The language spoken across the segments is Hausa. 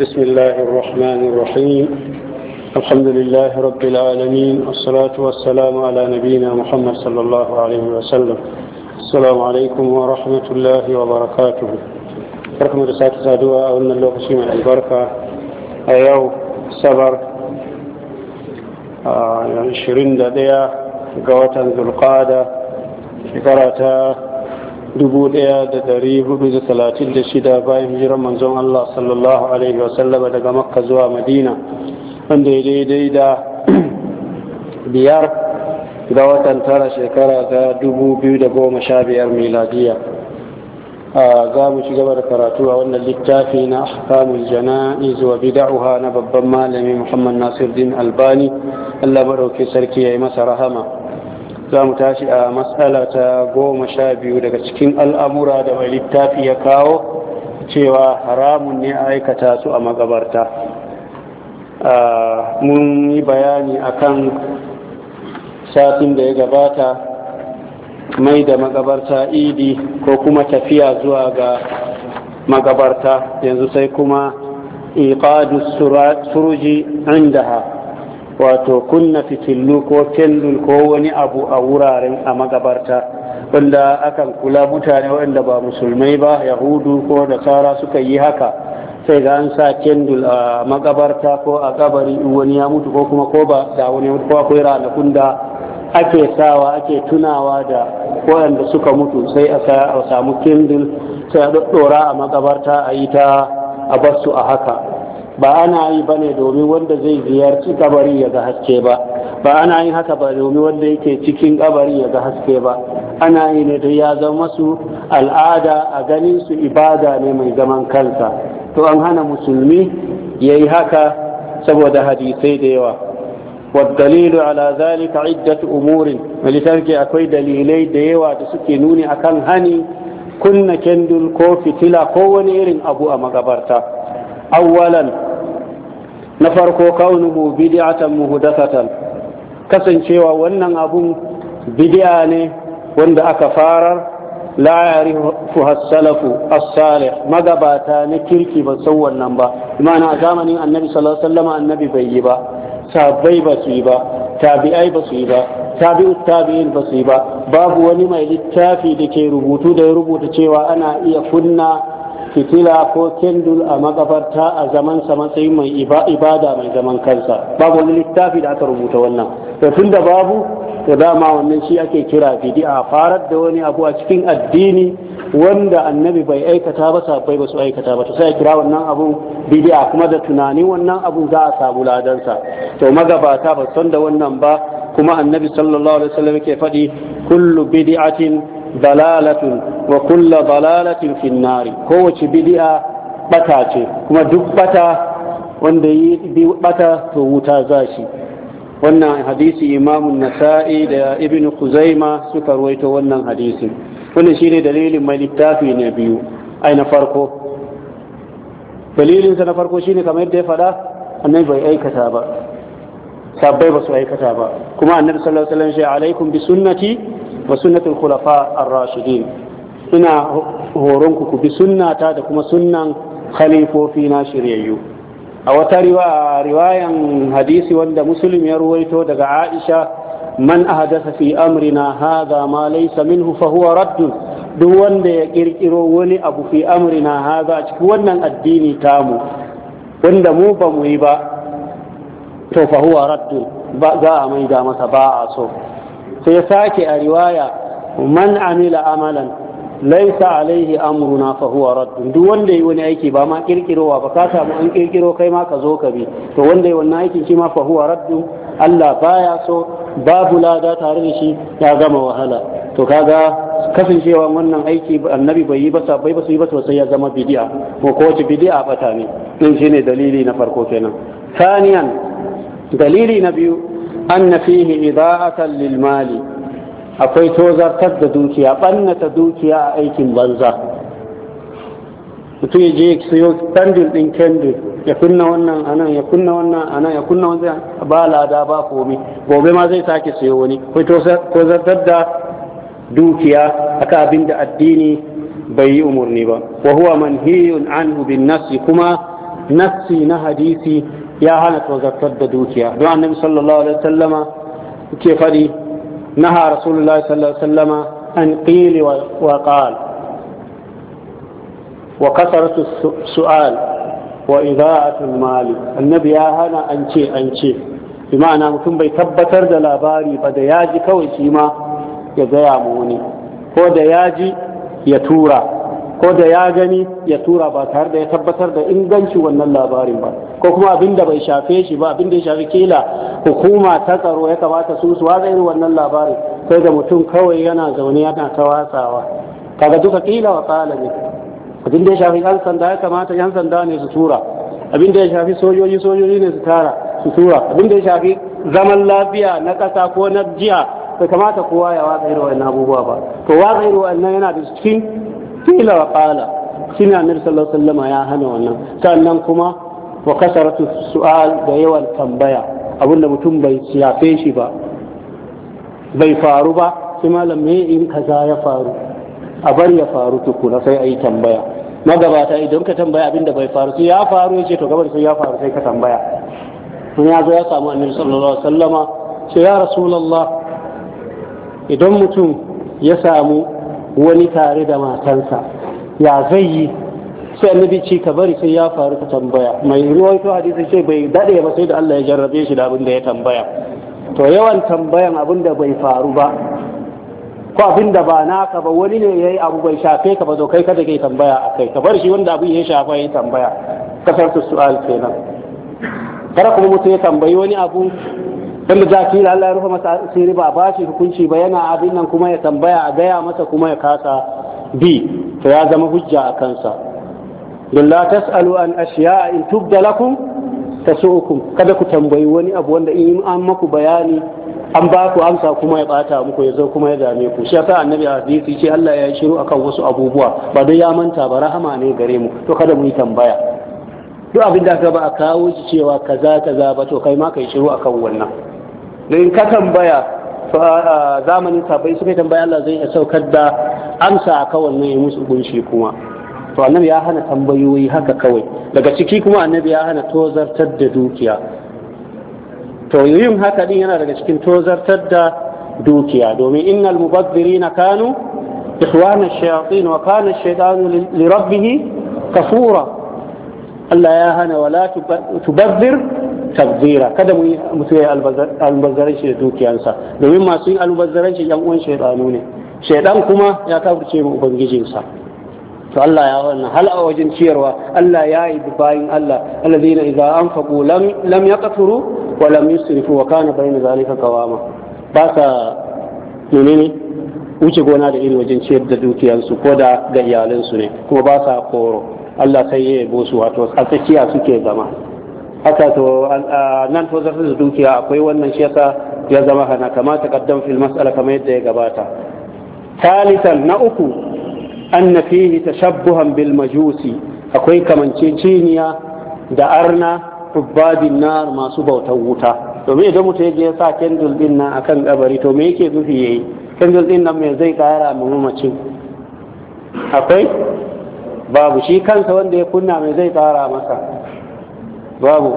بسم الله الرحمن الرحيم الحمد لله رب العالمين والصلاة والسلام على نبينا محمد صلى الله عليه وسلم السلام عليكم ورحمة الله وبركاته barkamu da sake saduwa a wannan البركة أيو albarka a yau قوة ذو القادة شكرتها shida bayan hijirar manzon Allah sallallahu alaihi wasallama daga makka zuwa madina wanda ya daidai da biyar ga watan tara shekara ta biyar miladiya za mu ci gaba da karatu a wannan littafi na ahkamul jana'iz wa bid'aha na babban malami Muhammad din Albani Allah madauki sarki ya yi masa rahama za mu tashi a matsala ta goma sha biyu daga cikin al'amura da mai littafi ya kawo cewa haramun ne aikata su a magabarta mun yi bayani a kan satin da ya gabata mai da magabarta idi ko kuma tafiya zuwa ga magabarta yanzu sai kuma iqadu suruji ha wato kunna fitilu ko kendul ko wani abu a wuraren a magabarta wanda akan kula mutane wanda ba musulmai ba yahudu ko da nasara suka yi haka sai ga an sa kendul a magabarta ko a kabari wani ya mutu ko kuma ko ba da wani mutu ko akwai ranakun da ake sawa ake tunawa da waɗanda suka mutu sai a samu kendul sai a ɗora a magabarta a yi ta a basu a haka ba ana yi ba ne domin wanda zai ziyarci kabari ya ga haske ba ba ana yin haka ba domin wanda yake cikin kabari ya ga haske ba ana yi ne da ya zama su al'ada a ganin su ibada ne mai zaman kansa to an hana musulmi ya yi haka saboda hadisai da yawa والدليل على ذلك عدة أمور ولذلك أكوي دليلي ديوا تسكنوني أكان هني كن كندل fitila تلا wani إرن أبو a awwalan na farko kaunuhu bid'atan muhdathatan kasancewa wannan abun bid'a ne wanda aka farar la ya'rifu as-salafu as-salih magabata na kirki ba san wannan ba imana a zamanin annabi sallallahu alaihi wasallam annabi bai yi ba sabai ba su yi ba tabi'ai ba su yi ba tabi'u tabi'in ba su yi ba babu wani mai littafi da ke rubutu da ya rubuta cewa ana iya kunna fitila ko kendul a makabarta a zamansa matsayin mai ibada mai zaman kansa babu wani littafi da aka rubuta wannan da tun da babu da dama wannan shi ake kira bidi'a farar da wani abu a cikin addini wanda annabi bai aikata ba sabbai ba su aikata ba to sai kira wannan abun bidi'a kuma da tunani wannan abu za a samu ladansa to magabata ba san da wannan ba kuma annabi sallallahu alaihi wasallam yake faɗi kullu bidi'atin. dalalatun wa kulla dalalatin finnari kowace bidi'a bata ce kuma duk bata wanda yi bi bata to wuta za shi wannan hadisi imamun nasa'i da ibn kuzaima suka ruwaito wannan hadisi wannan shine dalilin mai littafi na biyu ai na farko dalilinsa na farko shine kamar yadda ya faɗa annabi bai aikata ba sabbai ba su aikata ba kuma annabi sallallahu alaihi wasallam ya alaikum bi sunnati wa sunnatul khulafa ar-rashidin ina horon ku bi sunnata da kuma sunnan khalifofi na shiryayyu a wata riwayan hadisi wanda musulmi ya ruwaito daga aisha man ahdasa fi amrina hadha ma laysa minhu fa huwa radd duk wanda ya kirkiro wani abu fi amrina hadha cikin wannan addini tamu wanda mu ba mu yi ba to fa huwa radd ba za a maida masa ba a so sai sake a riwaya man amila amalan laisa alaihi amruna fa huwa raddun duk wanda yi wani aiki ba ma kirkirowa ba ka samu an kirkiro kai ma ka zo ka bi to wanda yi wannan aikin shi ma fa huwa raddun Allah baya so babu lada tare da shi ya gama wahala to kaga kasancewa wannan aiki annabi bai yi ba bai ba ba sai ya zama bidi'a ko ko bidi'a bid'a ne din shine dalili na farko kenan saniyan dalili na biyu أن فيه إضاءة للمال أكوي توزر تد دوكيا بأن تدوكيا أيكم بنزا وتوي جيك سيوك تندل إن كندل يكون وانا أنا يكون وانا أنا يكون وانا بالا دابا فومي وبي ما زي تاكي سيووني كوي توزر تد دوكيا أكا بند الديني بي أمور نبا وهو منهي عنه بالنفس كما نفسي نهديسي ya hana tozartar da dukiya don annabi sallallahu alaihi wasallama ke fadi naha rasulullahi sallallahu alaihi wasallama an qili wa qal wa kasaratu su'al wa idha'atul mali annabi ya hana an ce an ce bi ma'ana mutum bai tabbatar da labari ba da yaji kawai shi ma ya gaya mu wani ko da yaji ya tura ko da ya gani ya tura ba tare da ya tabbatar da inganci wannan labarin ba ko kuma abin da bai shafe shi ba abin da ya shafi kila hukuma ta tsaro ya kamata su su watsa irin wannan labarin sai da mutum kawai yana zaune yana ta watsawa kaga duka kila wa kala ne abin da ya shafi yan sanda ya kamata yan sanda ne su tura abin da ya shafi sojoji sojoji ne su tara su tura abin da ya shafi zaman lafiya na ƙasa ko na jiya bai kamata kowa ya watsa irin wannan abubuwa ba to watsa irin wannan yana da cikin kila wa kala shi ne annabi sallallahu alaihi wasallam ya hana wannan sannan kuma wa kasaratu su'al da yawan tambaya abinda mutum bai shafe shi ba bai faru ba sai malam me in kaza ya faru a bar ya faru tukuna sai a yi tambaya magabata idan ka tambaya abinda bai faru sai ya faru ya ce to gabar sai ya faru sai ka tambaya in ya zo ya samu annabi sallallahu alaihi wasallama sai ya rasulullah idan mutum ya samu wani tare da matansa ya zai yi sai annabi ce ka bari sai ya faru ka tambaya mai ruwaito hadisi sai bai dade ba sai da Allah ya jarrabe shi da abin da ya tambaya to yawan tambayan abin da bai faru ba ko abin da ba naka ba wani ne yayi abu bai shafe ka ba zo kai kada kai tambaya akai ka bar shi wanda abin ya shafa ya tambaya san su su'al kenan kada kuma mutum ya tambayi wani abu wanda za ki Allah ya rufe masa asiri ba ba shi hukunci ba yana abin nan kuma ya tambaya a gaya masa kuma ya kasa bi to ya zama hujja a kansa don la tas'alu an ashiya in tubda lakum tasukum kada ku tambayi wani abu wanda in an maku bayani an ba ku amsa kuma ya bata muku ya zo kuma ya dame ku shi yasa annabi hadisi ce Allah ya shiru kan wasu abubuwa ba dai ya manta ba rahama ne gare mu to kada mu yi tambaya duk abin da ka ba a kawo shi cewa kaza kaza ba to kai ma kai shiru akan wannan don in ka tambaya zamanin sabai suka tambaya Allah zai ya saukar da amsa akan wannan ya musu kunshi kuma to annabi ya hana tambayoyi haka kawai daga ciki kuma annabi ya hana tozartar da dukiya to yin haka din yana daga cikin tozartar da dukiya domin innal mubazzirina kanu ikhwana shayatin wa kana ash-shaytanu li rabbih kafura Allah ya hana wala tubadhir tabzira kada mutum ya albazzaranci da dukiyansa domin masu yin albazzaranci yan uwan shaydanu ne shaydan kuma ya kafirce mu ubangijinsa to Allah ya wannan hal a wajen ciyarwa Allah ya yi bayin Allah alladhina idza anfaqu lam lam yaqturu wa lam yusrifu wa kana bayna zalika qawama ba sa menene wuce gona da irin wajen ciyar da dukiyarsu ko da ga iyalansu ne kuma ba sa koro Allah sai ya yabo su wato a tsakiya suke zama haka to nan to zartar da dukiya akwai wannan shi yasa ya zama hana kamata kaddam fil mas'ala kamar yadda ya gabata ثالثا na uku anna fihi tashabbuhan bil majusi akwai kamanceceniya da arna ubbadin masu bautar wuta domin idan mutum ya sa kendul din nan akan kabari to me yake nufi yayi kendul din me zai kara mu mamacin akwai babu shi kansa wanda ya kunna me zai kara masa babu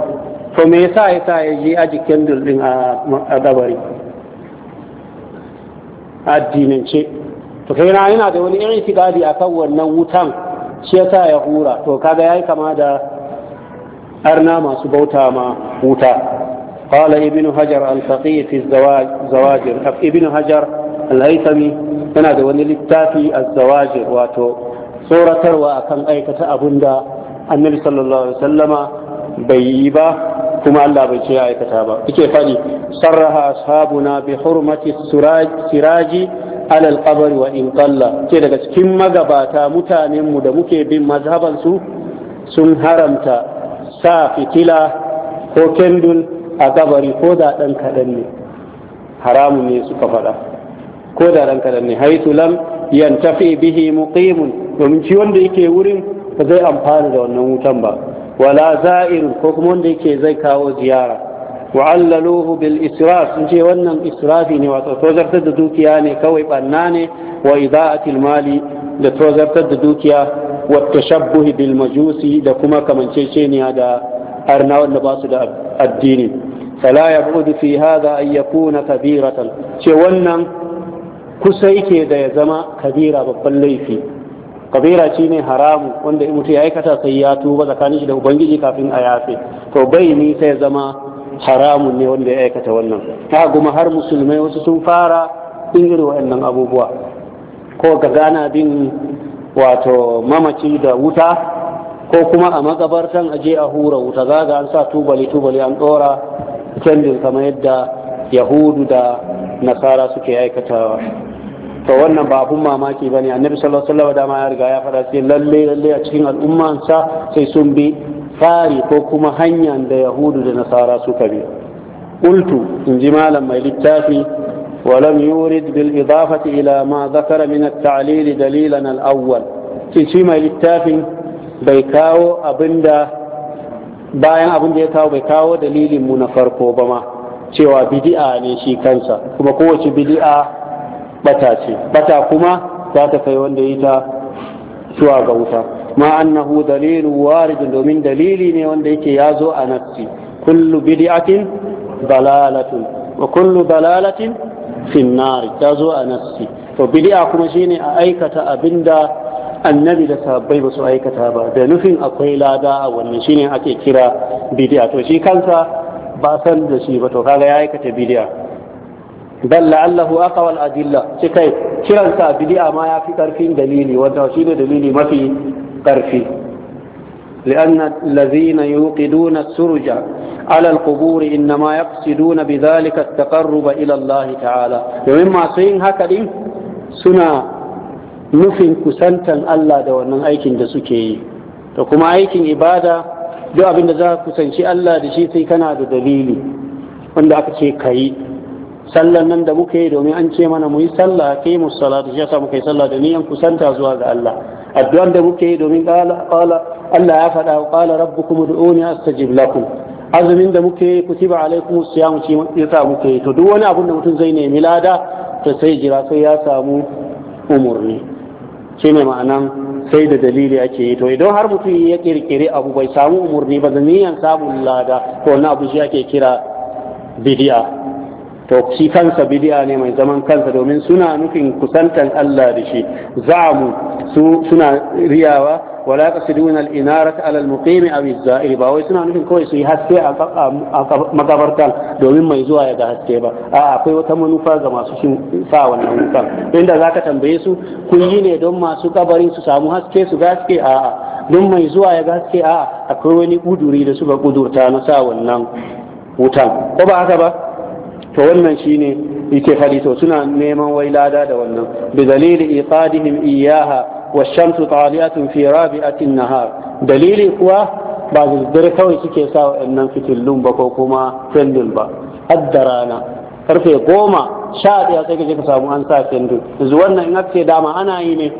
to me yasa yasa ya je aji kendul din a kabari addinance to kai na yana da wani irin a kan wannan wutan shi yasa ya hura to kaga yayi kama da arna masu bauta ma wuta Ibn Hajar al الفقيه في الزواج زواجر Hajar al الهيثمي yana da wani littafi azzawajir wato tsoratarwa akan aikata da annabi sallallahu alaihi wasallama bai yi ba kuma Allah bai ce ya aikata ba yake faɗi sarraha ashabuna bi hurmati siraji alal alqabr wa in qalla ke daga cikin magabata mutanen mu da muke bin mazhaban su sun haramta sa fitila ko kendul a kabari ko da dan kadan ne haramu ne suka faɗa ko da dan kadan ne haitu lam yantafi bihi muqimun domin ci wanda yake wurin ba zai amfana da wannan wutan ba wala za'ir ko kuma wanda yake zai kawo ziyara wa'allaluhu bil israf sun ce wannan israfi ne wato tozartar da dukiya ne kawai banna ne wa a mali da tozartar da dukiya wa tashabbuhi bil majusi da kuma kamanceceniya da arna wanda ba su da addini fala yabudu fi hadha an yakuna kabiratan ce wannan kusa yake da ya zama kabira babban laifi kabira shi ne haramu wanda in mutum ya aikata sai ya tuba tsakanin shi da ubangiji kafin a yafe to bai ni sai zama haramun ne wanda ya aikata wannan ta guma har musulmai wasu sun fara in iri waɗannan abubuwa ko ga gana bin wato mamaci da wuta ko kuma a makabartan aje a hura wuta za ga an sa tubali tubali an ɗora kendin kamar yadda yahudu da nasara suke aikatawa to wannan ba abun mamaki ba ne annabi sallallahu alaihi wasallam ma ya riga ya fara sai lalle lalle a cikin al'ummansa sai sun bi fari ko kuma hanyar da yahudu da nasara suka bi ultu in ji malam mai littafi ولم يورد بالإضافة إلى ما ذكر من التعليل دليلا mai تشيما bai kawo abinda bayan abin da ya kawo bai kawo dalilin mu na farko ba ma cewa bidi'a ne shi kansa kuma kowace bidi'a bata ce bata kuma za ta kai wanda yi ta zuwa ga wuta ma annahu dalilu waridun domin dalili ne wanda yake ya zo a nafsi kullu bid'atin dalalatun wa kullu dalalatin finnari ta zo a nafsi to bid'a kuma shine a aikata abinda annabi da sahabbai ba su aikata ba da nufin akwai lada a wannan shine ake kira bid'a to shi kansa ba san da shi ba to kaga ya aikata bid'a bal la'allahu aqwa al-adilla ce kai kiran sa bid'a ma yafi karfin dalili wanda ne dalili mafi karfi لأن الذين يوقدون السرج على القبور إنما يقصدون بذلك التقرب إلى الله تعالى ومما سين هكذا سنا نفن كسنتا ألا دوانا أيكين دسوكي وكما أيكين إبادة duk abin da za kusanci Allah da shi sai kana da dalili wanda aka ce ka yi sallan nan da muka yi domin an ce mana mu yi sallah kai mu shi yasa muka yi sallah domin yan kusanta zuwa ga Allah addu'an da muka yi domin qala qala Allah ya faɗa qala rabbukum ud'uni astajib lakum azumin da muka yi kutiba alaikum siyam shi yasa muke. yi to duk wani abun da mutum zai nemi lada to sai jira sai ya samu umurni shine ma'anan sai da dalili ake yi to idan har mutum ya kirkiri abu bai samu umurni ba da niyan samun lada to wannan abu shi ake kira bidiya to shi kansa bidiya ne mai zaman kansa domin suna nufin kusantan Allah da shi za'amu su suna riyawa wala qasidun al-inarat ala al-muqim aw az-za'ir ba wai suna nufin kawai su yi haske a makabartan domin mai zuwa ya ga haske ba a akwai wata manufa ga masu shin sa wannan wutan inda zaka tambaye su kun yi ne don masu kabarin su samu haske su ga haske a don mai zuwa ya ga haske a akwai wani kuduri da suka kudurta na sa wannan wutan ko ba haka ba to wannan shine yake fadi to suna neman wai lada da wannan bi dalili iqadihim iyaha wash-shamsu taliyatun fi rabi'atin nahar dalili kuwa ba zuzzur kawai suke sa wa'annan fitilun ba ko kuma fendil ba hadda rana karfe goma sha ɗaya sai kaje ka samu an sa fendil yanzu wannan in aka dama ana yi ne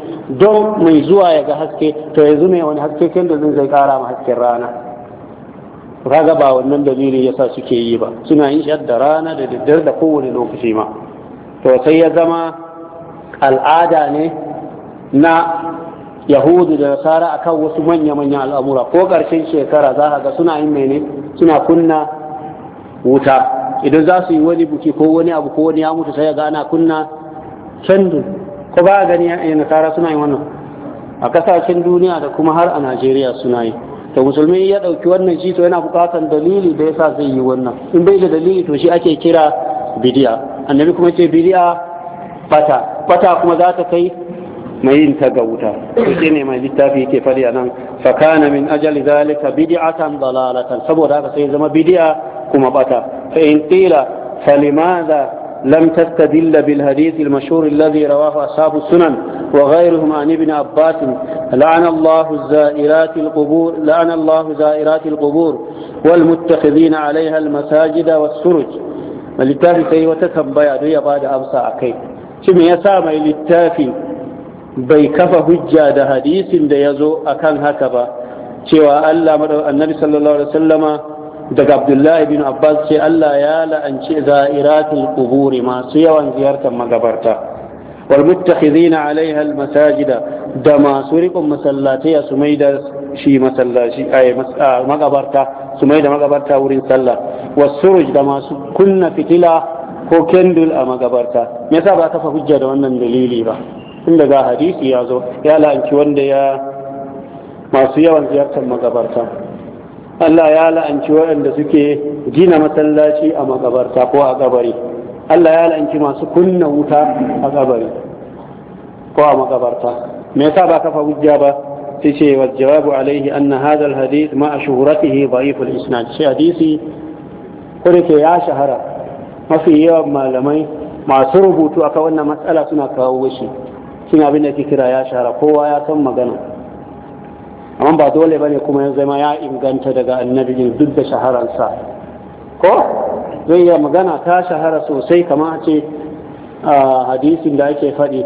don mai zuwa ya ga haske to yanzu ne wani haske fendil zai kara ma hasken rana Ka kaga ba wannan dalili yasa suke yi ba suna yin shi da rana da daddare da kowane lokaci ma to sai ya zama al'ada ne na yahudu da nasara akan wasu manya-manyan al'amura ko ƙarshen shekara za ka ga suna yin mene suna kunna wuta idan za su yi wani buki ko wani abu ko wani ya mutu sai ga ana kunna kendu ko ba gani ya nasara suna yin wannan a kasashen duniya da kuma har a najeriya suna yi to musulmi ya ɗauki wannan shi to yana buƙatar dalili da yasa zai yi wannan in bai da dalili to shi ake kira bidiya annabi kuma ce bidiya fata fata kuma za ta kai mai yin ta gauta, wuta to shi ne mai littafi yake fari a nan kana min ajali zalika bid'atan dalalatan saboda haka sai zama bidiya kuma bata fa in qila falimadha لم تستدل بالحديث المشهور الذي رواه أصحاب السنن وغيرهم عن ابن عباس لعن الله الزائرات القبور لعن الله زائرات القبور والمتخذين عليها المساجد والسرج littafi sai wata tambaya don ya bada amsa a kai shi me yasa mai littafi bai kafa hujja da hadisin da ya zo a kan haka ba cewa Allah annabi sallallahu alaihi wasallama daga Abdullahi bin Abbas ce Allah ya la'anci za'iratul quburi masu yawan ziyartar magabarta والمتخذين عليها المساجد da masu rikon masallatai a su mai da shi masallaci a magabarta su mai da magabarta wurin sallah wasuruj da masu kunna fitila ko kendul a magabarta me yasa ba kafa hujja da wannan dalili ba Tun daga hadisi ya zo ya la'anci wanda ya masu yawan ziyartar magabarta Allah ya la'anci waɗanda suke gina masallaci a magabarta ko a gabari Allah ya lanci masu kunna wuta a kabari ko a makabarta me yasa ba kafa hujja ba sai ce wa jawabu alaihi anna hadha alhadith ma shuhratihi dhaif al-isnad shi hadisi ko da ke ya shahara mafi yawan malamai masu rubutu akan wannan matsala suna kawo shi suna abin da kira ya shahara kowa ya san magana amma ba dole bane kuma ya zama ya inganta daga annabi duk da shaharansa ko zai iya magana ta shahara sosai a ce a hadisin da ake faɗi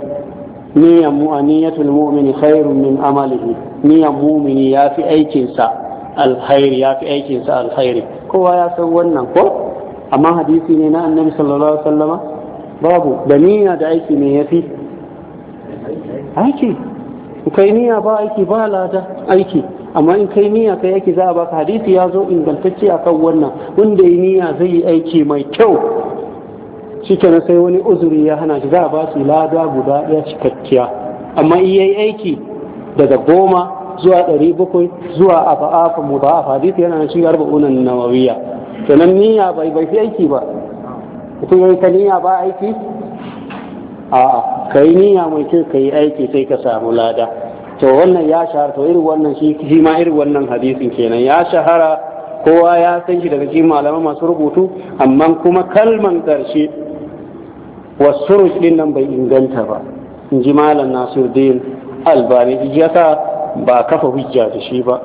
niyan mu aniyatul mu'mini khairun min amalihi niyan mu'mini ya fi aikinsa alkhairi ya fi aikinsa alkhairi kowa ya san wannan ko amma hadisi ne na annabi sallallahu alaihi wasallama babu da niyya da aiki ne ya fi aiki kai niyya ba aiki ba lada aiki amma in kai niyya kai aiki za a baka hadisi ya zo ingantacce akan wannan wanda yi niyya zai yi aiki mai kyau ke sai wani uzuri ya hana shi za a ba su lada guda ɗaya cikakkiya amma in yi aiki daga goma zuwa ɗari bakwai zuwa a ba'afa mu ba'afa hadisi yana cikin arba'unan nawawiya kenan niyya bai bai fi aiki ba mutum yayi ta niyya ba aiki a'a kai niyya mai kyau kai aiki sai ka samu lada to wannan ya shahara to irin wannan shi ma irin wannan hadisin kenan ya shahara kowa ya san shi daga cikin malaman masu rubutu amma kuma kalman karshe wasuruj din nan bai inganta ba in ji malam nasiruddin albani yasa ba kafa hujja da shi ba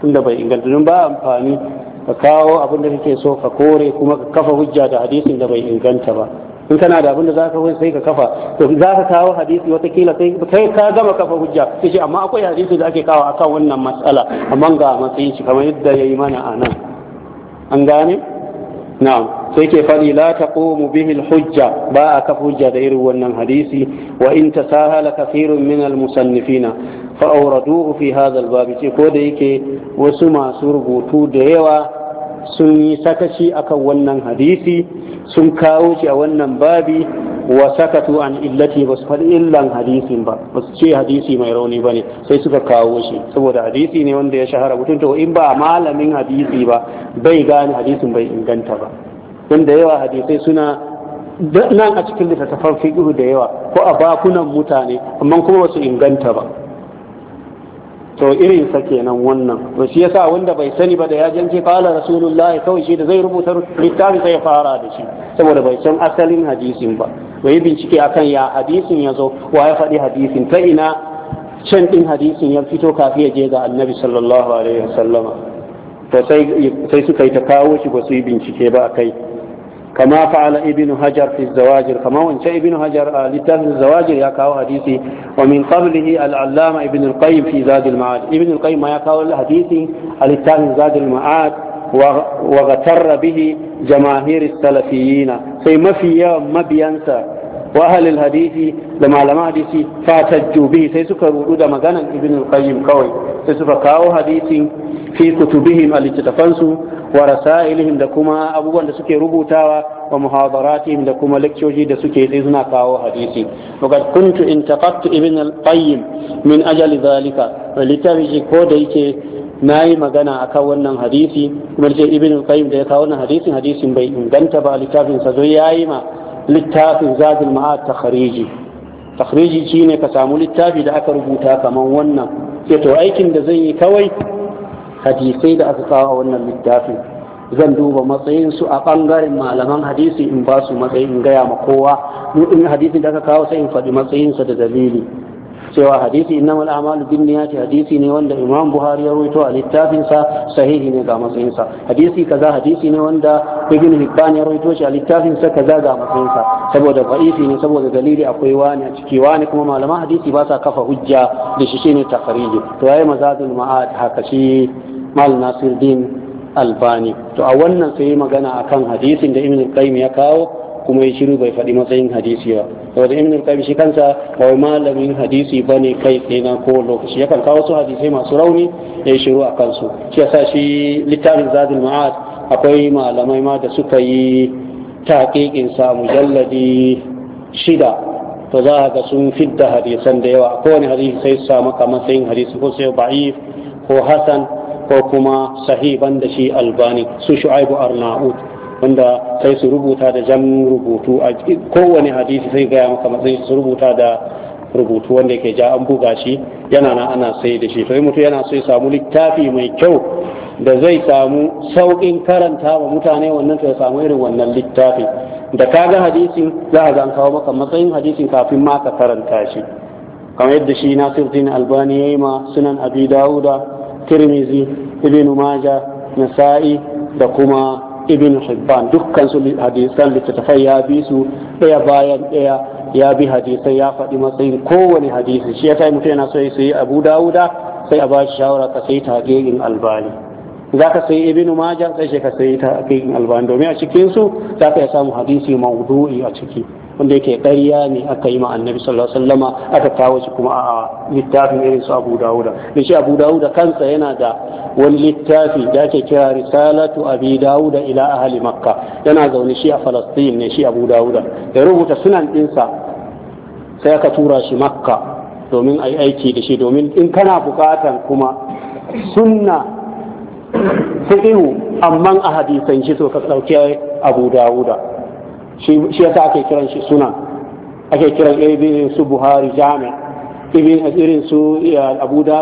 tunda bai inganta don ba amfani ka kawo abin da kake so ka kore kuma ka kafa hujja da hadisin da bai inganta ba in kana da abin da zaka wani sai ka kafa to ka kawo hadisi wata kila sai kai ka gama kafa hujja sai amma akwai hadisi da ake kawo akan wannan matsala amma ga matsayin shi kamar yadda yi mana anan an gane na'am sai ke faɗi la mu bihi hujja ba a kafa hujja da irin wannan hadisi wa in sahala kathirun min al-musannifina fa awraduhu fi hadha al ko da yake wasu masu rubutu da yawa sun yi sakaci akan wannan hadisi sun kawo shi a wannan babi wa sakatu an illati ba su faɗi illan hadisin ba ba su ce hadisi mai rauni ba ne sai suka kawo shi saboda hadisi ne wanda ya shahara mutum to in ba malamin hadisi ba bai gane hadisin bai inganta ba don da yawa hadisai suna nan a cikin littattafan fiqh da yawa ko a bakunan mutane amma kuma ba su inganta ba to irin sa kenan wannan to shi yasa wanda bai sani ba da ya jance qala rasulullahi kawai shi da zai rubuta littafi sai ya fara da shi saboda bai san asalin hadisin ba Bai yi bincike akan ya hadisin ya zo wa ya faɗi hadisin ta ina can din hadisin ya fito kafin ya je ga annabi sallallahu alaihi wasallama to sai sai suka yi ta kawo shi ba su yi bincike ba akai كما فعل ابن هجر في الزواجر كما وانت ابن هجر آه، لتاف الزواجر يكاو حديثي ومن قبله العلامة ابن القيم في زاد المعاد ابن القيم ما يكاو الحديثي لتاف زاد المعاد وغتر به جماهير السلفيين سيما في يوم ما بينسى wa hadisi da malaman hadisi fatajju bihi sai suka rudu da maganan ibn al-qayyim kawai sai suka kawo hadisin fi kutubihim a littattafansu wa rasailihim da kuma abubuwan da suke rubutawa wa muhadaratihim da kuma lekcoji da suke sai suna kawo hadisi faqad kuntu intaqattu ibn al-qayyim min ajali zalika littafi ko da yake na yi magana a kan wannan hadisi kuma ce ibn qayyim da ya kawo wannan hadisin hadisi bai inganta ba littafin sa zo yi ma littafin zazil ma'ad takhariji takhariji shine ka samu littafi da aka rubuta kamar wannan sai to aikin da zan yi kawai hadisai da aka kawo a wannan littafin zan duba matsayin su a bangaren malaman hadisi in ba su matsayin gaya ma kowa duk in hadisin da aka kawo sai in faɗi matsayinsa da dalili cewa hadisi innamal a'malu niyati hadisi ne wanda Imam Buhari ya rawaito a littafin sa sahihi ne ga matsayin sa hadisi kaza hadisi ne wanda Ibn Hibban ya rawaito shi a littafin sa kaza ga matsayin sa saboda da'ifi ne saboda dalili akwai wani a ciki wani kuma malaman hadisi ba sa kafa hujja da shi shine takariji to yayi mazadul ma'ad haka shi mal Nasiruddin Albani to a wannan sai magana akan hadisin da Ibn Qayyim ya kawo kuma ya shiru bai faɗi matsayin hadisi ba saboda ibn al shi kansa ba wai malamin hadisi bane kai tsaye na ko lokaci yakan kawo su hadisai masu rauni ya shiru a kansu shi yasa shi littafin zadul ma'ad akwai malamai ma da suka yi taƙiƙin sa mujalladi shida to za ga sun fidda hadisan da yawa kowane hadisi sai su samu kamar matsayin hadisi ko sai ba'if ko hasan ko kuma sahiban da shi albani su shu'aibu arna'ud wanda sai su rubuta da jan rubutu a kowane hadisi sai gaya maka matsayi su rubuta da rubutu wanda yake ja an buga shi yana na ana sai da shi to mutum yana so ya samu littafi mai kyau da zai samu sauƙin karanta wa mutane wannan to ya samu irin wannan littafin da ka ga hadisin za a zan kawo maka matsayin hadisin kafin ma ka karanta shi kamar yadda shi nasir din Albani ya yi ma sunan Abi Dawuda Tirmizi Ibn Maja Nasa'i da kuma ibn hibban dukkan hadisan littattafai ya bi su ɗaya bayan ɗaya ya bi hadisai ya faɗi matsayin kowane hadisi shi yasa mutu yana so ya sayi abu dawuda sai a ba shi shawara ka sayi taqiqin albani za ka sayi ibn majah sai ka sayi taqiqin albani domin a cikin su za ka samu hadisi mawdu'i a ciki wanda yake ƙarya ne aka yi ma annabi sallallahu alaihi wasallama aka kawo shi kuma a littafin irin su Abu Dawuda da shi Abu Dawuda kansa yana da wani littafi da ake kira Risalatu Abi Dawuda ila ahli Makka yana zaune shi a Falastin ne shi Abu Dawuda da rubuta sunan ɗinsa sai aka tura shi Makka domin a yi aiki da shi domin in kana bukatan kuma sunna fiqhu amman a hadisan shi to ka dauki Abu Dawuda shi yasa ake kiran shi sunan ake kiran irin su buhari jami irin su abu da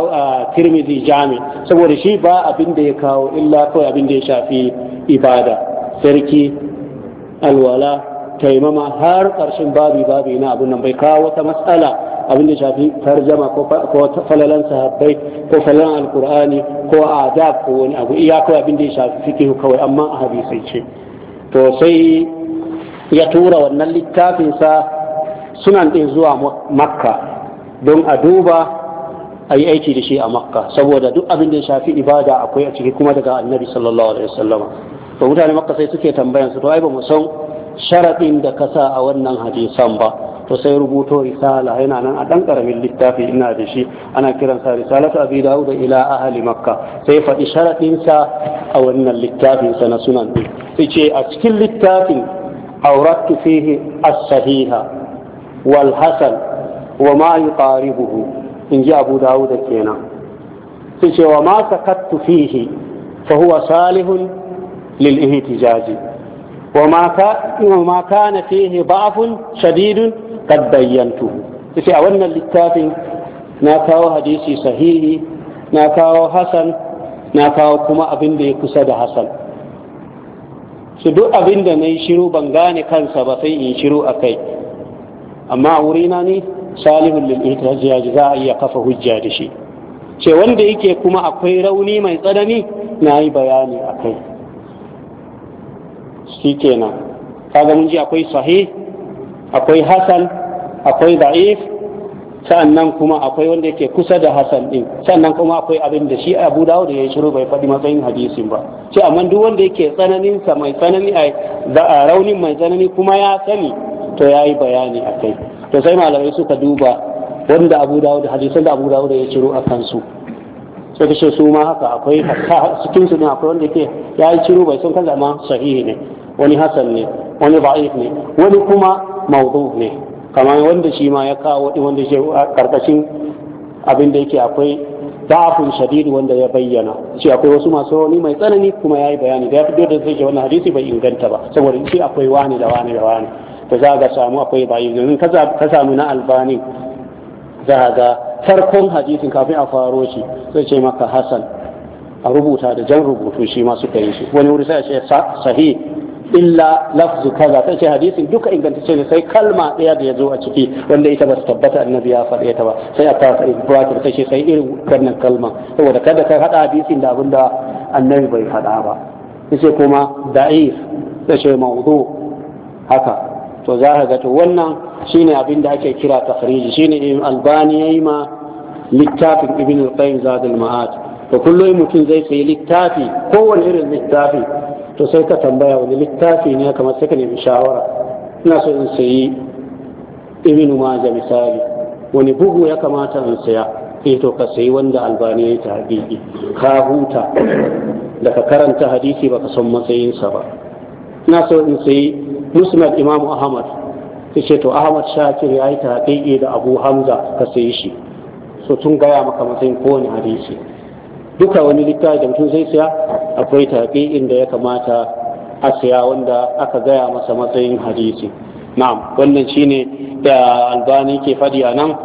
tirmidhi jami saboda shi ba abin da ya kawo illa kawai abin da ya shafi ibada sarki alwala taimama har ƙarshen babi babi na abin nan bai kawo wata matsala abin da shafi tarjama ko falalan sahabbai ko falalan alkur'ani ko adab ko wani abu iya kawai abin da ya shafi fikihu kawai amma a hadisai ce to sai ya tura wannan littafinsa sunan ɗin zuwa makka don a duba a yi aiki da shi a makka saboda duk abin da ya shafi ibada akwai a ciki kuma daga annabi sallallahu alaihi wasallama to mutane makka sai suke tambayan su to ai ba mu san sharaɗin da ka sa a wannan hadisan ba to sai rubuto risala yana nan a ɗan karamin littafi ina da shi ana kiran sa risalatu abi daud ila ahli makka sai faɗi sharaɗinsa sa a wannan littafin sa na sunan sai ce a cikin littafin أوردت فيه الصحيح والحسن وما يقاربه إن جاء أبو داود كينا تشي وما سكت فيه فهو صالح للاهتجاج وما وما كان فيه ضعف شديد قد بينته تشي أولنا للتافي ناكاو حديثي صحيح ناكاو حسن ناكاو كما أبن لي كسد حسن su duk abin da na yi shiru ban gane kansa ba sai in shiru a kai amma a wurina ne salihun lil'itajiyaji za a iya kafa hujja da shi ce wanda yake kuma akwai rauni mai tsanani na yi bayani a kai shi kenan kaga mun ji akwai sahih akwai hasan akwai da'if sannan kuma akwai wanda yake kusa da hasan din sannan kuma akwai abin da shi abu dawud ya shiru bai faɗi matsayin hadisin ba ce amma duk wanda yake tsananin sa mai tsanani a raunin mai tsanani kuma ya sani to yayi bayani akai to sai malamai suka duba wanda abu dawud hadisan da abu dawud ya shiru a kansu sai kace su ma haka akwai su ne akwai wanda bai san sahihi ne wani hasan ne wani ne wani kuma mawdu' ne kamar wanda shi ma ya kawo wanda shi karkashin abin da yake akwai ba'afin shadid wanda ya bayyana shi akwai wasu masu rauni mai tsanani kuma ya yi bayani da ya fito da zai wannan hadisi bai inganta ba saboda shi akwai wani da wani da wani to za ga samu akwai bayi domin ka samu na albani za ga farkon hadisin kafin a faro shi sai ce maka hasan a rubuta da jan rubutu shi ma suka yi shi wani wuri sai ce sahih illa lafzu kaza sai ce hadisin duka ingantacce ne sai kalma ɗaya da ya zo a ciki wanda ita ba su tabbata annabi ya faɗe ta ba sai a kawo sai sai ce sai irin wannan kalma saboda kada ka haɗa hadisin da abin da annabi bai faɗa ba sai kuma da'if sai ce mawdu haka to za ka ga to wannan shine abin da ake kira takhriji shine albani yayi ma littafin ibn al-qayyim zadul ma'ad to kullum mutum zai sayi littafi kowane irin littafi to sai ka tambaya wani littafi ne kamar sai ka nemi shawara ina so in sayi ibn maja misali wani bugu ya kamata in saya eh to ka sayi wanda albani ya ta ka huta da ka karanta hadisi baka san matsayinsa ba ina so in sayi musnad imam ahmad ce to ahmad shakir ya yi ta hakiki da abu hamza ka sayi shi so tun gaya maka matsayin kowane hadisi duka wani littafi da mutum zai siya akwai taɓi inda ya kamata a siya wanda aka gaya masa matsayin hadisi na'am wannan shine da albani ke fadi a nan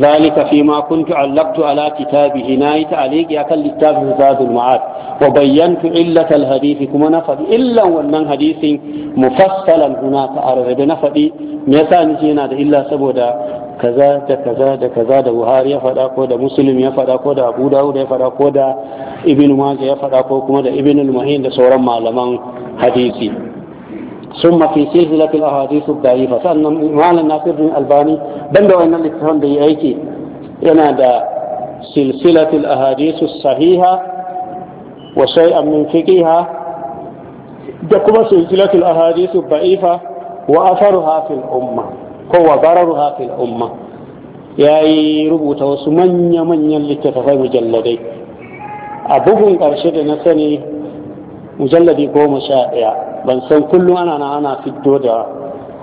zalika fi ma kuntu allaktu ala kitabihi na yi ta ta'aliki akan littafin zazul ma'ad wa bayyantu illata hadisi kuma na faɗi illan wannan hadisin mufassalan huna ta na faɗi me yasa nake yana da illa saboda kaza da kaza da kaza da buhari ya faɗa ko da musulun ya faɗa ko da abu dawud ya faɗa ko da ibn maza ya faɗa ko kuma da ibn mahin da sauran malaman hadisi sun mafi sihi lafi al sannan malam nasir bin albani ban da wannan littafin da ya aiki yana da silsilatul ahadisu sahiha wa shay'an min da kuma silsilatul ahadisu da'ifa wa asaruha umma. kowa barar dararuha umma ya yi rubuta wasu manya-manyan littattafai mujalladai a bugun ƙarshe da na sani mujalladi goma sha ɗaya ban san kullum ana na ana fito da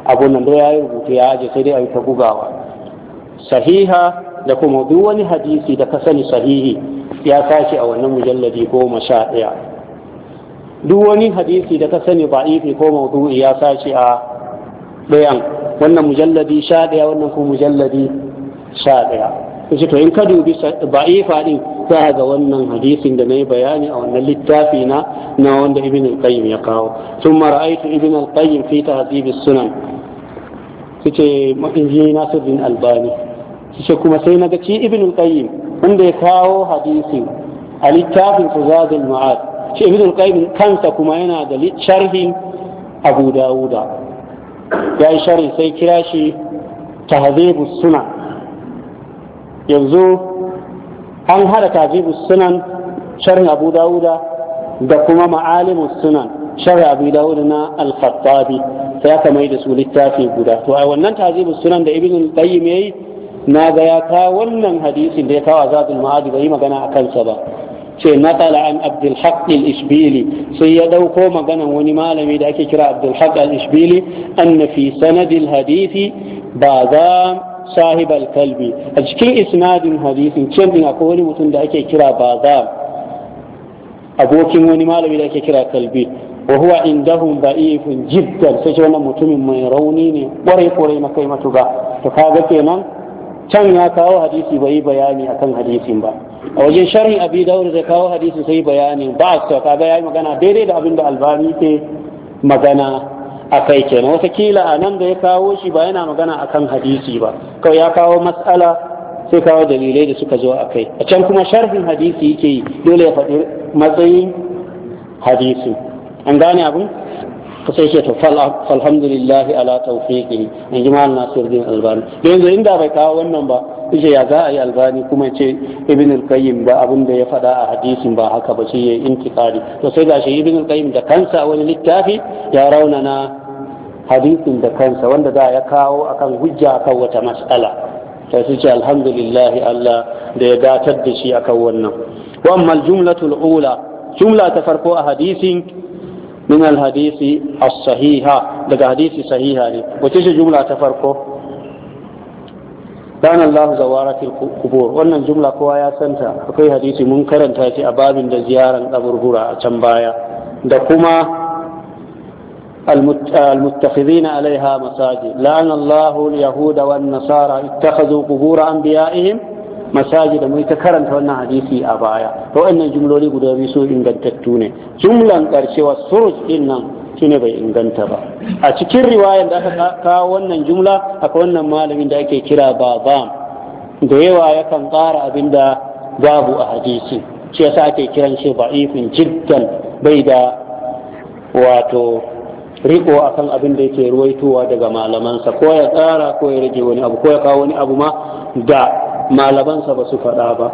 abun nan da ya yi rubutu ya aje sai dai a yi ta bugawa sahiha da kuma duk wani hadisi da ka sani sahihi ya sashi a wannan mujalladi goma sha ɗaya duk wani hadisi da ka sani ba'ifi ko maudu'i ya sashi a ɗayan wannan mujalladi sha ɗaya wannan ko mujalladi sha ɗaya to in ka dubi ba'i din za ga wannan hadisin da nayi bayani a wannan littafi na na wanda ibn al-qayyim ya kawo thumma ra'aytu ibn al-qayyim fi tahdhib as-sunan yace inji nasiruddin albani yace kuma sai naga ci ibn al-qayyim wanda ya kawo hadisin a littafin zadul ma'ad shi ibn al-qayyim kansa kuma yana da sharhin abu dawuda ya yi shari sai kira shi tahzibu suna yanzu an hada tahzibu sunan sharhin abu dawuda da kuma ma'alimu sunan sharhin abu dawuda na alfattabi ta sai aka mai da su littafi guda to a wannan tahzibu sunan da ibn qayyim yi na ga ya kawo wannan hadisin da ya kawo azabul ma'ad bai magana a kansa ba ce natala an abdul haq al ishbili sai ya dauko maganan wani malami da ake kira abdul haq al ishbili anna fi sanad al hadisi ba za sahib al kalbi a cikin isnadin hadisin can din akwai wani mutum da ake kira ba abokin wani malami da ake kira kalbi wa huwa indahum da'ifun jiddan sai wannan mutumin mai rauni ne kwarai kwarai makai matuga to kaga kenan can ya kawo hadisi bai bayani akan hadisin ba a wajen sharhin abi daud da kawo hadisi sai bayani ba su kaga yayi magana daidai da abin da albani ke magana a kai kenan wata kila a nan da ya kawo shi ba yana magana akan hadisi ba kawai ya kawo matsala sai kawo dalilai da suka zo a kai a can kuma sharhin hadisi yake dole ya faɗi matsayin hadisi an gane abin to sai ce to alhamdulillah ala tawfiqihi in ji mal nasiruddin albani da yanzu inda bai kawo wannan ba yace ya za a yi albani kuma ce ibn al-qayyim ba abin da ya faɗa a hadisin ba haka ba shi ya intiqadi to sai gashi ibn al-qayyim da kansa wani littafi ya raunana hadisin da kansa wanda za ya kawo akan hujja akan wata mas'ala sai ce alhamdulillah Allah da ya datar da shi akan wannan wa amma al-jumlatul ula jumla ta farko a hadisin من الحديث الصحيحة لقى حديث صحيحة لي يعني. جملة تفرقه لعن الله زوارة القبور وأن الجملة قوايا سنتا وكي حديث منكر تأتي أباب دا زيارة قبر هرا تنبايا دا كما المتخذين عليها مساجد لأن الله اليهود والنصارى اتخذوا قبور أنبيائهم da mu ta karanta wannan hadisi a baya to wannan jumloli guda biyu su ingantattu ne jumlan karshe wa suruj din nan shine bai inganta ba a cikin riwayar da aka kawo wannan jumla aka wannan malamin da ake kira baba da yawa yakan kara abin da babu a hadisi shi yasa ake kiran shi ba'ifin jiddan bai da wato riko akan abin da yake ruwaitowa daga malamansa ko ya tsara ko ya rage wani abu ko ya kawo wani abu ma da malamansa ba su faɗa ba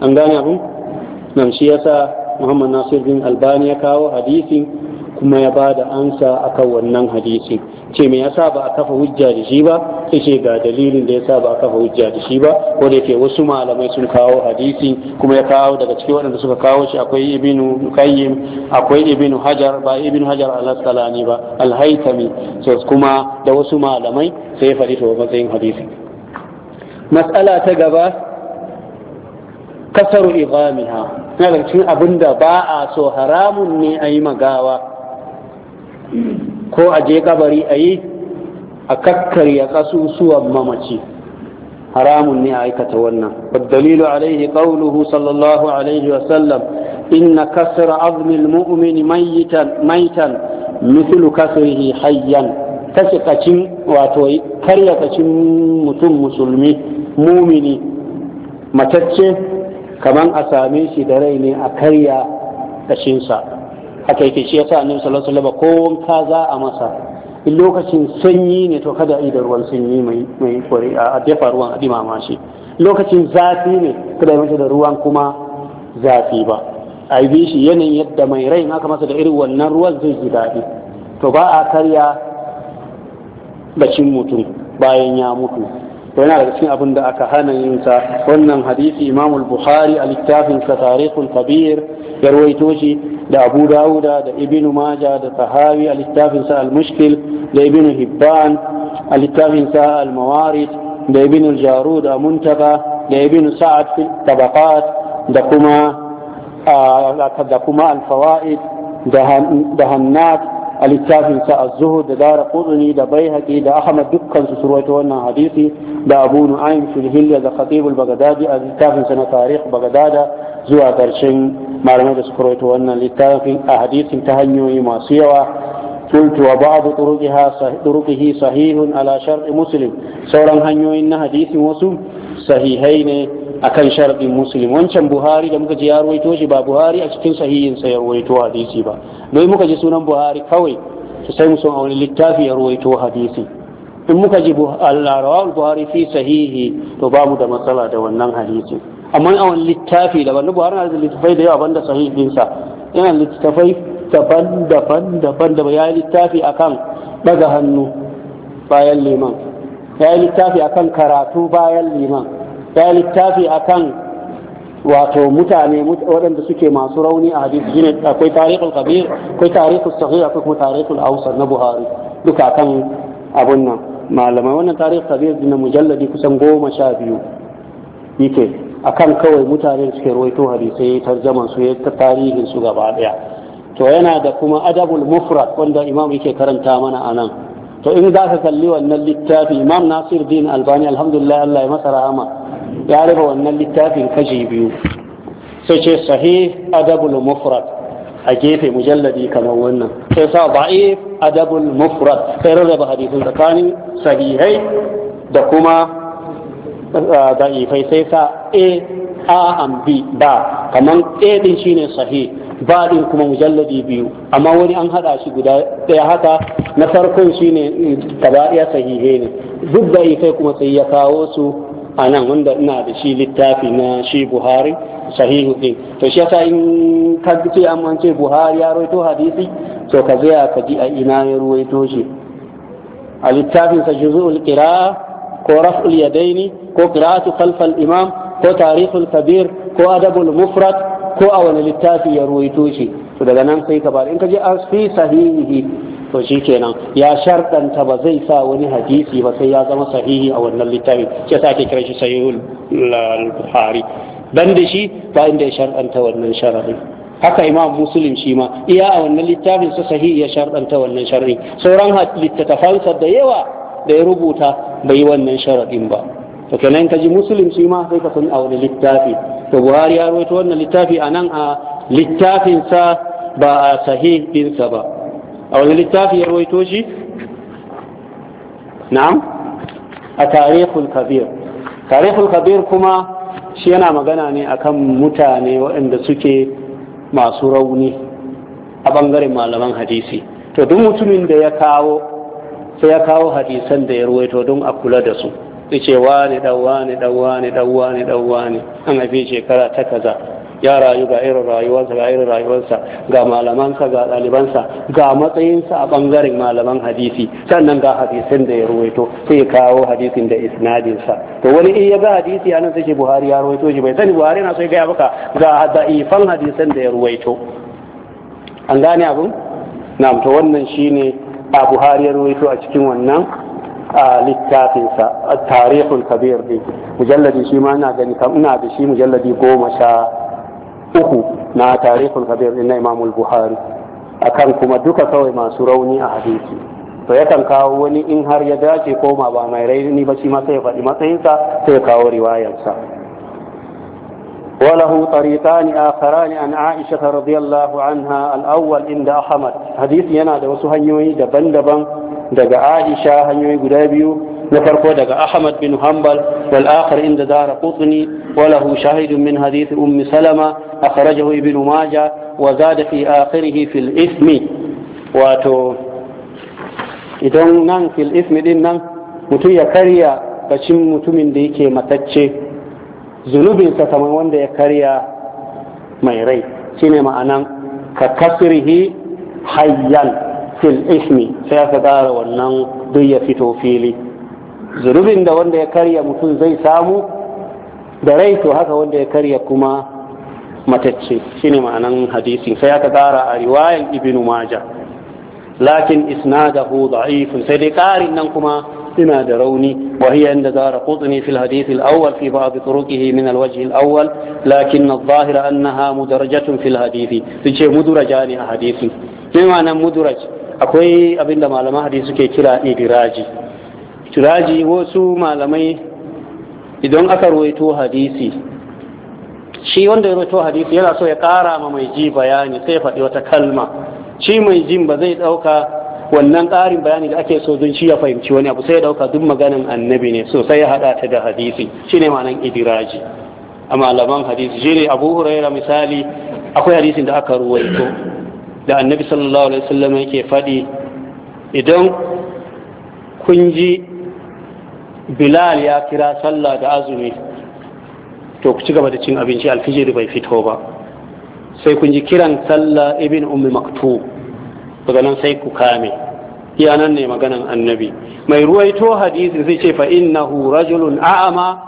an gane abin nan shi yasa muhammad nasir bin albani ya kawo hadisi kuma ya ba da ansa akan wannan hadisi ce me yasa ba a kafa hujja da shi ba ce ga dalilin da yasa ba a kafa hujja da shi ba ko da yake wasu malamai sun kawo hadisi kuma ya kawo daga cikin waɗanda suka kawo shi akwai ibnu qayyim akwai ibnu hajar ba ibnu hajar al-asqalani ba al-haytami so kuma da wasu malamai sai ya faɗi to matsayin hadisi matsala ta gaba kasaru igamiha na daga cikin abin da ba a so haramun ne a yi magawa ko a je kabari a yi a kakkarya kasusuwan mamaci haramun ne a aikata wannan dalilu alaihi qawluhu sallallahu alaihi wa sallam inna kasra azmi almu'min mayitan maitan mithlu kasrihi hayyan kashi kacin wato karya kacin mutum musulmi mumini matacce kaman a same shi da rai ne a karya kashinsa haka yake shi yasa annabi sallallahu alaihi wasallam ko wanka za a masa in lokacin sanyi ne to kada a yi da ruwan sanyi mai mai kore a dafa ruwan a dimama shi lokacin zafi ne kada ya yi da ruwan kuma zafi ba a yi shi yanayin yadda mai rai aka masa da irin wannan ruwan zai ji daɗi to ba a karya bacin mutum bayan ya mutu وانا على ابن دعك هانا ينسى قلنا حديث امام البخاري الاكتاف كتاريخ الكبير يروي توشي دا ابو داود دا ابن ماجا دا تهاوي الاكتاف انسى المشكل دا ابن هبان الاكتاف انسى الموارد دا ابن الجارود منتقى دا ابن سعد في الطبقات دا كما آه دا كما الفوائد ده دهنات a littafin sa az-zuhud da dara qudni da baihaqi da ahmad dukkan su surwaito wannan hadisi da abu nu'aym fil hilya da khatib al-baghdadi a littafin sa na tarikh baghdada zuwa karshen malamai da suka rawaito wannan littafin a hadisin ta hanyoyi masu yawa قلت وبعض طرقها صح... طرقه صحيح على شرط مسلم سورا هنيوين حديث وسم صحيحين akan sharaɗin musulmi wancan buhari da muka ji ya ruwaito shi ba buhari a cikin sahihin sa ya ruwaito hadisi ba dai muka ji sunan buhari kawai to sai mu son a wani littafi ya ruwaito hadisi in muka ji al buhari fi sahihi to ba mu da matsala da wannan hadisi amma a wani littafi da wani buhari na da littafai da yawa banda sahihin sa yana littafai daban-daban daban da ya yi littafi akan daga hannu bayan liman ya yi littafi akan karatu bayan liman ta littafi akan wato mutane waɗanda suke masu rauni a hadisi shine akwai tarihul kabir akwai tarihul sahih akwai kuma tarihul awsat na buhari duka kan abun nan malamai wannan tarih kabir na mujalladi kusan goma sha biyu yake akan kawai mutane suke rawaito hadisai tarjaman su ya tarihin su gaba daya to yana da kuma adabul mufrad wanda imam yake karanta mana a nan to in za ka kalli wannan littafi imam nasir din albani alhamdulillah allah ya masa rahama ya raba wannan littafin kashi biyu sai ce sahih adabul mufrad a gefe mujalladi kamar wannan sai sa da'if adabul mufrad sai rarraba hadisin tsakanin sahihai da kuma da'ifai sai sa a a and b ba kamar a din shine sahi ba din kuma mujalladi biyu amma wani an hada shi guda daya haka na farkon shine gaba ɗaya sahihai ne duk da'ifai kuma sai ya kawo su a nan wanda ina da shi littafi na shi buhari sahihu din to shi yasa in ka ce an ce buhari ya rawaito hadisi to ka zaya ka ji a ina ya rawaito shi a littafin sa juzul qira ko raf'ul yadaini ko qira'atu Falfal imam ko tarihul kabir ko adabul mufrad ko a wani littafi ya rawaito shi to daga nan sai ka bari in ka je as fi sahihi to shi kenan ya sharɗanta ba zai sa wani hadisi ba sai ya zama sahihi a wannan littafi ke sa ake kiran shi sahihul buhari dan da shi ba inda ya sharɗanta wannan sharadi haka imam muslim shi ma iya a wannan littafin sa sahihi ya sharɗanta wannan sharadi sauran littattafansa da yawa da ya rubuta bai wannan sharadin ba to kenan ka ji muslim shi ma sai ka sani a wani littafi to buhari ya rawaito wannan littafi a nan a littafinsa ba a sahih ɗinsa ba a wani littafi ya rawaito shi na'am a tarihul kabir tarihul kabir kuma shi yana magana ne akan mutane waɗanda suke masu rauni a ɓangaren malaman hadisi to duk mutumin da ya kawo sai ya kawo hadisan da ya ruwaito don a kula da su ce ne, ɗan ne, ɗan ne, ɗan ne, ɗan ne. an haife shekara ta kaza ya rayu ga irin rayuwarsa ga irin rayuwarsa ga malamansa ga ɗalibansa ga matsayinsa a bangaren malaman hadisi sannan ga hadisin da ya ruwaito sai kawo hadisin da isnadinsa to wani in ya ga hadisi anan sai buhari ya ruwaito shi bai sani buhari na so ya gaya maka ga da'ifan hadisan da ya ruwaito an gane abu na'am to wannan shine a buhari ya ruwaito a cikin wannan a littafinsa a tarihul kabir din mujalladi shi ma ina gani kam ina da shi mujalladi goma sha uku na tarihin kabir na imam buhari akan kuma duka kawai masu rauni a hadisi to yakan kawo wani in har ya dace koma ba mai rauni ba shi ma sai ya faɗi matsayinsa sai ya kawo riwayarsa وله طريقان آخران عن عائشة رضي الله عنها الأول عند أحمد حديث ينا wasu hanyoyi هنيوي daban daga Aisha, عائشة هنيوي قدابيو na farko daga ahmad bin hanbal wal akhar inda dara qutni Walahu, lahu shahidun min hadith ummi salama akhrajahu ibn majah wa zada wato idan nan fil ismi din nan mutum ya karya bacin mutumin da yake matacce zunubin sa kamar wanda ya karya mai rai shine ma'anan ka kasrihi hayyan fil sai ka ƙara wannan duk ya fito fili zunubin da wanda ya karya mutum zai samu da rai to haka wanda ya karya kuma matacce shine ma'anan hadisin sai aka tsara a riwayan ibnu maja lakin isnadahu da'ifun sai dai ƙarin nan kuma ina da rauni wa hiya inda zara qutni fil hadith al awwal fi ba'd turuqihi min al wajh al awwal lakin al zahir annaha mudarajatun fil hadith sai ce ne a hadisi sai ma'anan mudaraj akwai abinda malaman hadisi suke kira idiraji istiraji wasu malamai idan aka roito hadisi shi wanda ya roito hadisi yana so ya kara ma mai ji bayani sai ya faɗi wata kalma shi mai jin ba zai ɗauka wannan ƙarin bayani da ake so don shi ya fahimci wani abu sai ya ɗauka duk maganin annabi ne so sai ya haɗa ta da hadisi shine ma'anan idiraji a malaman hadisi shi ne abu huraira misali akwai hadisin da aka ruwaito da annabi sallallahu alaihi wasallam yake faɗi idan kun ji bilal ya kira sallah da azumi to ku ci gaba da cin abinci alfijiri bai fito ba sai kun ji kiran sallah ibn ummi maktu daga nan sai ku kame iya nan ne maganan annabi mai ruwaito hadisi zai ce fa innahu rajulun a'ama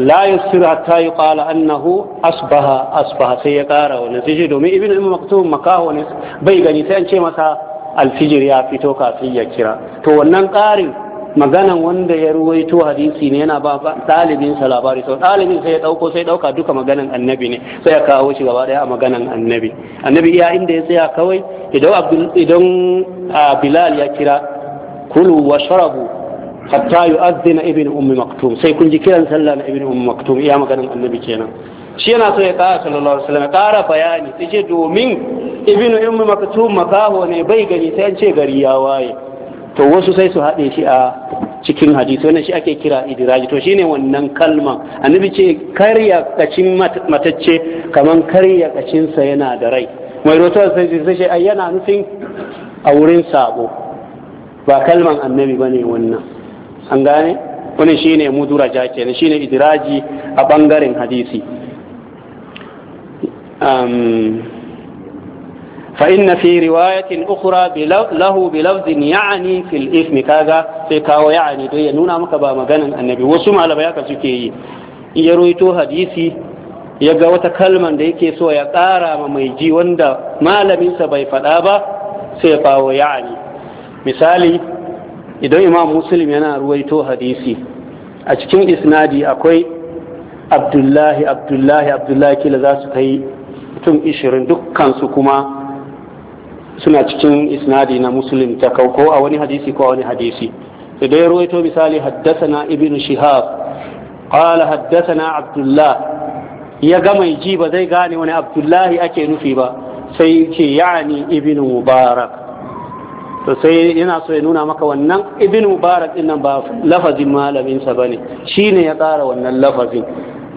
la yusir hatta yuqala annahu asbaha asbaha sai ya kara wannan sai domin ibn ummi maktu makaho ne bai gani sai an ce masa alfijir ya fito kafin ya kira to wannan karin maganan wanda ya ruwaito hadisi ne yana ba ɗalibin sa labari sau ɗalibin sai ya ɗauko sai ɗauka duka maganan annabi ne sai ya kawo shi gaba ɗaya a maganan annabi annabi iya inda ya tsaya kawai idan idan bilal ya kira kulu wa sharabu hatta yu'adhdhina ibn ummi maktum sai kun ji kiran sallah na ibn ummi maktum iya maganan annabi kenan shi yana so ya kara sallallahu alaihi wasallam kara bayani sai ce domin ibn ummi maktum makaho ne bai gani sai an ce gari ya waye to wasu sai su haɗe shi a cikin hadisi wannan shi ake kira idiraji to shine wannan kalman annabi ce karya kacin matacce kaman karya kacinsa yana da rai mai rotar sai sai shi ai yana nufin a wurin sabo ba kalman annabi bane wannan an gane wannan shine jake ne shine idiraji a bangaren hadisi فإن في رواية أخرى بلو له بلفظ يعني في ya nuna سيكاو ba دي annabi wasu مغانا النبي وسمع لبياك سكي hadisi ya ga wata kalman da yake so ya ƙara ma mai ji wanda malaminsa bai faɗa ba sai kawo ya'ani misali idan imam muslim yana ruwaito hadisi a cikin isnadi akwai abdullahi abdullahi abdullahi kila zasu kai mutum ishirin dukkansu kuma suna cikin isnadi na muslim ta kauko a wani hadisi ko a wani hadisi da dai ruwaito misali haddasana ibn shihab qala haddasana abdullah ya ga mai ji ba zai gane wani abdullahi ake nufi ba sai ce yani ibn mubarak to sai yana so ya nuna maka wannan ibn mubarak din nan ba lafazin malamin sa bane shine ya tsara wannan lafazin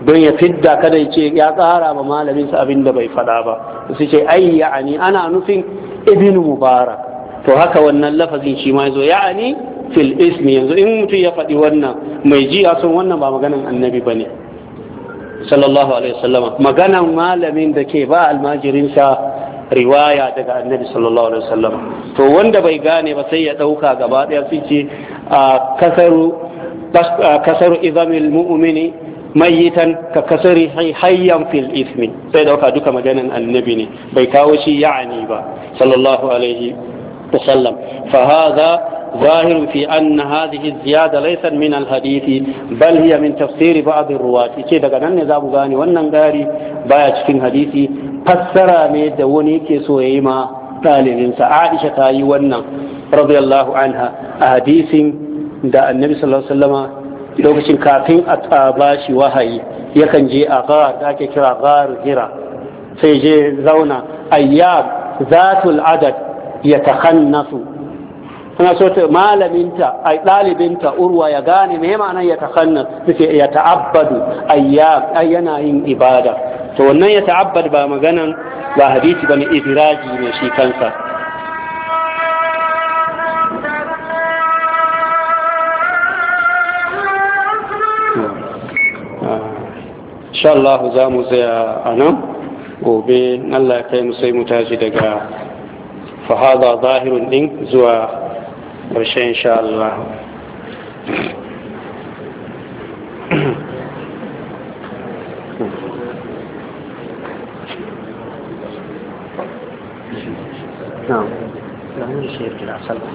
don ya fidda kada ya ce ya tsara ma malamin sa abinda bai fada ba sai ce ai yani ana nufin ibn mubarak to haka wannan lafazin shi ma yazo ya'ani fil ismi yanzu in mutum ya faɗi wannan mai ji a wannan ba maganan annabi bane sallallahu alaihi wasallama maganan malamin da ke ba almajirinsa riwaya daga annabi sallallahu alaihi wasallama to wanda bai gane ba sai ya dauka gaba daya sai ce kasaru kasaru izamil mu'mini mayitan ka kasari hayyan fil ismi sai dauka duka maganan annabi ne bai kawo shi ya'ani ba sallallahu alaihi wasallam fa hadha ظاهر في أن هذه الزيادة ليست من الحديث بل هي من تفسير بعض الرواة كي daga nan ne zamu gani wannan gari baya cikin hadisi fassara ne da wani ke so yayi ma dalibin sa Aisha ta yi wannan radiyallahu anha a hadisin da Annabi sallallahu alaihi wasallama lokacin kafin a tsaba shi wahayi yakan je a ghar da ake kira ghar hira sai je zauna ayyab zatul adad ya tahannasu ana so ta malaminta a ɗalibinta urwa ya gane me ma'ana ya tahannas suke ya ta'abbadu ayyab yana yin ibada to wannan ya ta'abbad ba maganan ba hadisi bane idraji ne shi kansa insha Allah za mu tsaya a nan gobe Allah ya kai mu sai mu tashi daga fahada zahirun din zuwa ƙarshe insha Allah نعم. نعم.